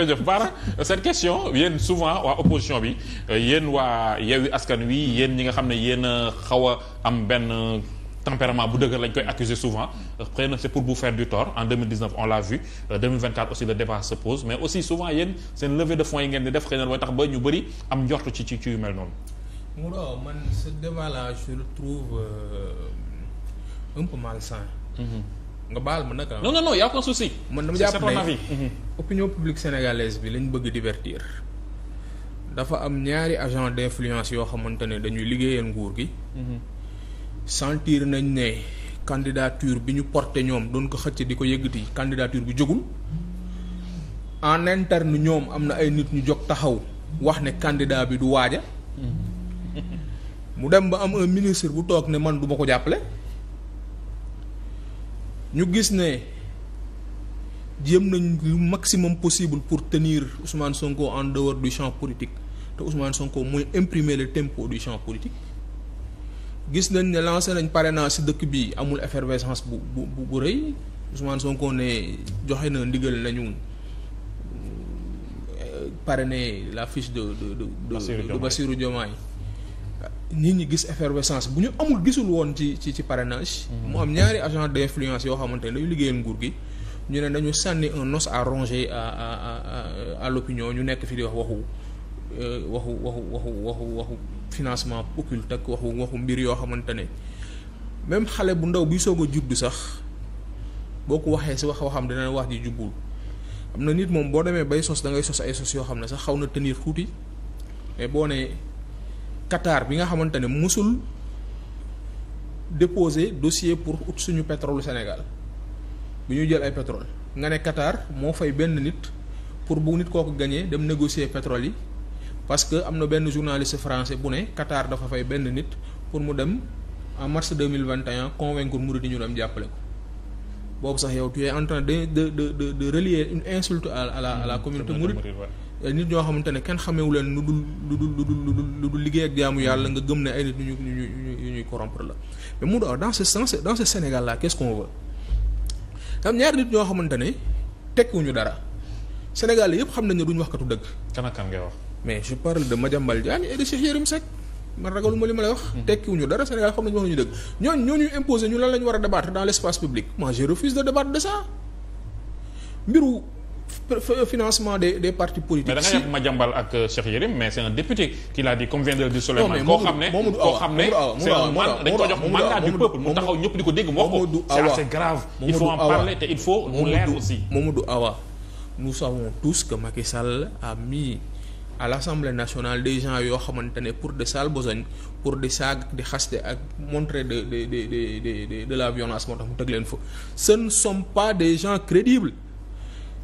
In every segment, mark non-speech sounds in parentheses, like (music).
jërëjëf Bara cette question yéen souvent waa opposition bi yéen waa Yewwi Askan Wi yéen ñi nga xam ne yéen a xaw a am benn tempérament bu dëgër lañ koy accuser souvent xëy na c'est pour vous faire du tort en 2019 on l'a vu 2024 euh, aussi le débat se pose mais aussi souvent yéen seen levée de fonds yi ngeen di def xëy na mooy tax ba ñu bëri am njort ci ci ci yu mel noonu. Moura man ce débat là je le trouve euh, un peu nga baal ma nag ah. non non non y' a aucun souci. man dama jàpp ne opinion publique sénégalaise bi lañ bëgg divertir. dafa am ñaari agent d' influence yoo xamante ne dañuy liggéeyal nguur gi. Mhm. sentir nañ ne candidature bi ñu porté ñoom doon ko xëcc di ko yëggati candidature bi jógul. en interne ñoom am na ay nit ñu jóg taxaw wax ne candidat bi du waaja. Mhm. mu dem ba am un ministre bu toog ne man du ma ko jàppale. ñu gis ne jéem nañ lu maximum possible pour tenir Ousmane Sonko en dehors du champ politique te Ousmane Sonko mooy imprimer le tempo du champ politique gis nañ ne lancé nañ parrainage si dëkk bi amul affaire effervescence bu bu bu rëy Ousmane Sonko ne joxe na ndigal nañu euh, parrainer la fiche de de de de Bassirou nit ñi gis effervescence bu ñu amul gisul woon ci ci ci parrainage. Mm-hmm. mu am ñaari agent d'influence yoo xamante ne dañu liggéeyal nguur gi ñu ne dañu sànni un os à ronger à l'opinion ñu nekk fi di wax waxu euh, waxu waxu waxu waxu waxu financement occulte ak waxu waxu mbir yoo xamante ne même xale bu ndaw bi soog a judd sax boo ko waxee si wax waxam dina wax ji jubbul am na nit moom boo demee bay sos da ngay sos ay sos yoo xam ne sax xaw na tenir tuuti mais boo nee. Qatar bi nga xamante ne musul déposer dossier pour ut suñu pétrole Sénégal bi ñuy jël ay pétrole nga ne Qatar moo fay benn nit pour bu nit kooku gagné dem négocier pétrole yi parce que am na benn journaliste français bu ne Qatar dafa fay benn nit pour mu dem en mars deux mille vingt et un convaincre murid yi ñu dem jàppale ko boobu sax yow tu es en train de de de de relier une insulte à la à mm-hmm. Euh, nit ñoo xamante ne kenn xamewu leen lu dul lu dul lu dul lu dul liggéey ak jaamu yàlla nga gëm ne ay nit ñu ñu ñu ñuy corrompre la mais mu doon dans ce sens dans ce Sénégal là qu'est-ce nit ñoo xamante ne tekkiwuñu dara Sénégal yëpp xam nañ ne duñ waxkatu dëgg. kan ak kan ngay wax. mais je parle de Madiambal Diagne et de Cheikh Yérim Seck man ragaluma li ma lay wax. Mm-hmm. tekkiwuñu dara Sénégal xam nañ wax nañu dëgg ñooñu ñooñu imposer ñu lan la ñu war a débattre dans l' espace public moi je refuse de débattre de ça mbiru. financement des des partis politiques. mais da nga yàgg Madiambal ak euh, Cheikh Yérim mais c'est un député qui l'a dit comme vient de le dire Souleymane. non mais Mamadou Awa Mamadou Awa koo xam ko jox mandat du peuple mu taxaw ñëpp di ko dégg mu wax ko. c'est assez grave mu leer aussi. Mamadou Awa nous savons tous que Macky Sall a mis à l'Assemblée nationale des gens yoo xamante ne pour de sales besognes pour de saag di xaste ak montrer de de de de de de la violence moo tax mu tëgg leen fa. ce ne sont pas des gens crédibles.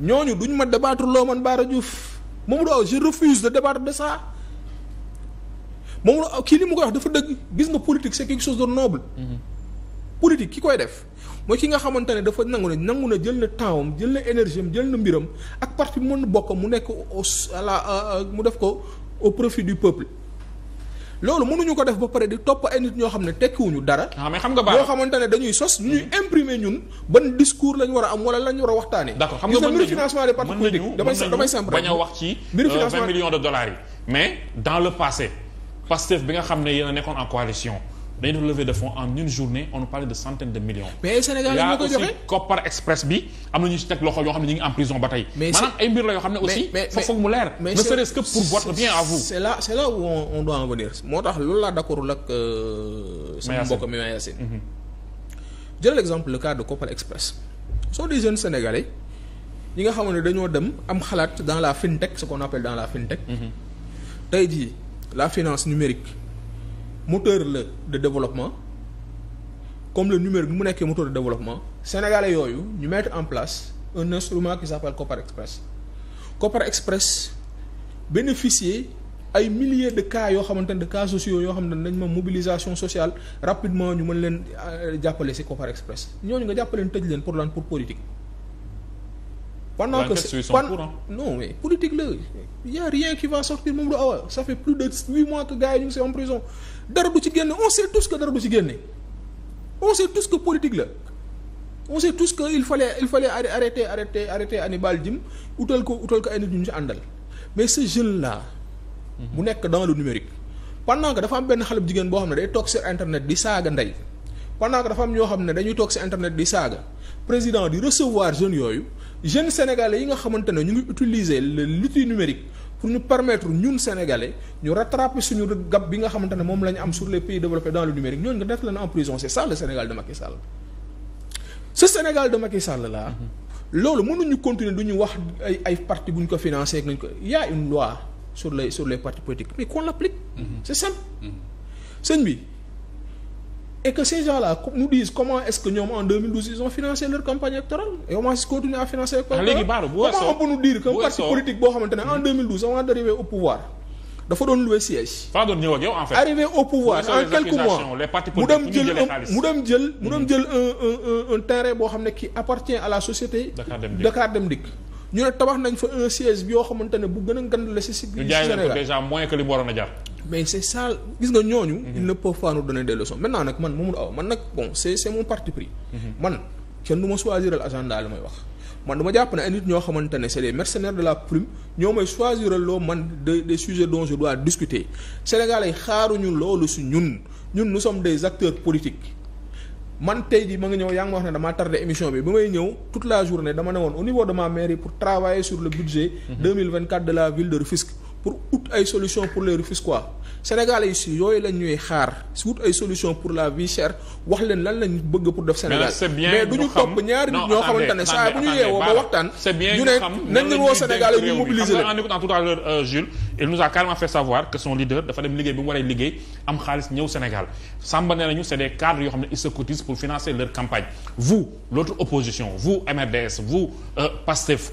ñooñu duñ ma débattre loo man Bara Diouf moom la je refuse de débattre de ça moom la kii li mu koy wax dafa dëgg gis nga politique c'est quelque chose de noble. Mhm. politique ki koy def mooy ki nga xamante ne dafa nangu ne nangu na jël na temps am jël na énergie jël na mbiram ak parti mën bokk mu nekk au mu def ko au profit du peuple. loolu mënuñu ko def ba pare di topp ay nit ñoo xam ne tekkiwuñu dara. Ah, mais xam nga baax ñoo xamante ne dañuy sos. ñuy imprimer ñun ban discours lañ war a am wala lañ war a waxtaanee. d'accord xam nga mën financement des partis damay damay simple a wax ci. mbiru euh, financement 20 de dollars yi mais dans le passé Pastef bi nga xam ne yéen a nekkoon en coalition dañu def levée de fonds en une journée on parlait de centaines de millions. mais Sénégal yi ñu ko joxe Kopar Express bi am na ñu ci teg loxo yoo xam ne ñu ngi en prison ba tey. maanaam ay mbir la yoo xam ne aussi. fa foog mu leer. ne serait-ce que pour votre bien à vous. c'est là c'est là on doit euh, mhm. jël exemple le de Kopar Express. sont des jeunes sénégalais ñi nga xam ne dañoo dem am xalaat dans la fintech ce qu'on appelle dans la fintech. Mhm. tey jii la finance numérique. moteur la de développement comme le numéro bi mu nekkee moteur de développement sénégalais yooyu ñu mettre en place un instrument qui s'appelle Copar Express Copar Express bénéficier ay milliers de cas yoo xamante ne de cas sociaux yoo xam ne dañ ma mobilisation sociale rapidement ñu mën leen euh, jàppale ci Copar Express ñooñu nga jàppaleen tëj leen pour lan pour politique pendant que pendant non mais politique la moom du awa ça gars yi ñu ngi si en prison dara du ci génne on sait tous que dara du ci que politique la on sait tous que il fallait il fallait arrêter arrêter arrêter Hannibal Djim utal ko utal ko ay nit ñu ci àndal mais ce jeune là bu mhm. nekk dans le numérique pendant dafa am benn xale bu jigéen boo xam ne day toog sur internet di saaga ndey pendant que dafa am ñoo xam ne dañuy toog si internet di saaga président di recevoir jeunes yooyu jeune sénégalais yi nga xamante ne ñu ngi utiliser l'outil numérique pour ñu permettre ñun sénégalais ñu rattraper suñu gap bi nga xamante ne moom lañu am sur les pays développés dans le numérique ñooñu nga def leen en prison c'est ça le Sénégal de Macky Sall ce Sénégal de Macky Sall là loolu mënuñu continuer du ñu wax ay ay parti bu ko financé ak nañ ko y a une loi sur les sur les partis politiques mais qu'on l'applique mm-hmm. c'est simple mm-hmm. sëñ bi et que ces gens-là nous disent comment est-ce que ñoom en 2012 ils ont leur campagne électorale et au moins ils continuent à financer. Ah, boo xamante en 2012 hmm. au pouvoir dafa doon louer siège. fa au pouvoir en quelques mois mu dem jël mu dem hmm. jël mu boo xam ne qui appartient à la société. Dakar Dem Dikk Dakar Dem Dikk. ñu ne tabax nañ fa un siège yoo xamante bu gën a gën la si. si Sénégal mais c'est ça gis nga ñooñu. ils ne peuvent pas nous donner des leçons nag man Mamadou Awa man nag bon c'est c'est mon parti pris. man kenn du ma choisiral agenda li may wax. man dama jàpp ne ay nit ñoo xamante ne c'est des mercenaires de la plume ñoo may choisir loo man de des sujets dont je dois discuter Sénégalais yi xaaruñu loolu si ñun ñun nous sommes des acteurs politiques man tey jii ma nga ñëw yaa ngi ma wax ne damaa tardé émission bi ba may ñëw toute la pour ut ay solution pour les Rufisquois Sénégalais yi si yooyu la ñuy xaar si wut ay solution pour la vie chère wax leen lan lañ bëgg pour def Sénégal mais du ñu topp ñaari nit ñoo xamante ne saa bu ñu yeewoo ba waxtaan ñu ne nañ leen woo Sénégalais ñu mobiliser leen en écoutant tout à l'heure euh, Jules il nous a carrément fait savoir que son leader dafa dem liggéey bi mu waree liggéey am xaalis ñëw Sénégal sàmba ne nañu c'est des cadres yoo xam ne ils se cotisent pour financer leur campagne vous l'autre opposition vous MRDS vous euh, PASTEF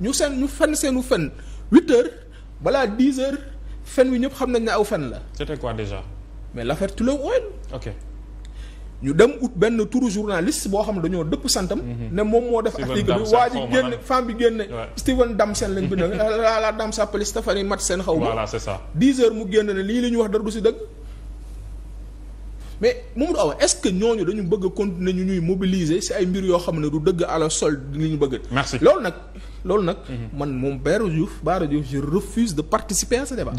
ñu seen ñu fen seenu fen huit heures balaa dix heures fen wi ñëpp xam nañ ne aw fen la. c'était quoi déjà. mais l'affaire Tullow Oil. ok ñu dem ut benn turu journaliste boo xam ne dañoo dëpp santam. Mhm. ne moom moo def article bi waa ji génn femme bi génne. Steven Damsen lañ (laughs) bind. la la Dam s'appelle Stéphanie Mat seen xaw ma. voilà c'est ça. dix heures mu génn ne lii li ñu wax dara du si dëgg. mais Mamadou Awa est-ce ñooñu dañu bëgg a ñu ñuy mobiliser si ay mbir yoo xam ne du dëgg à la sol li ñu bëgg. merci loolu nag. loolu nag. Mhm. man moom Baara Diouf Baara Diouf je refuse de participer à ce débat.